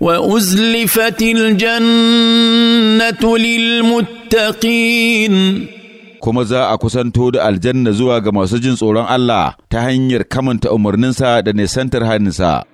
وازلفت الجنه للمتقين kuma za a kusanto da aljanna zuwa ga masu jin tsoron Allah ta hanyar kamanta umarninsa da nisantar haninsa.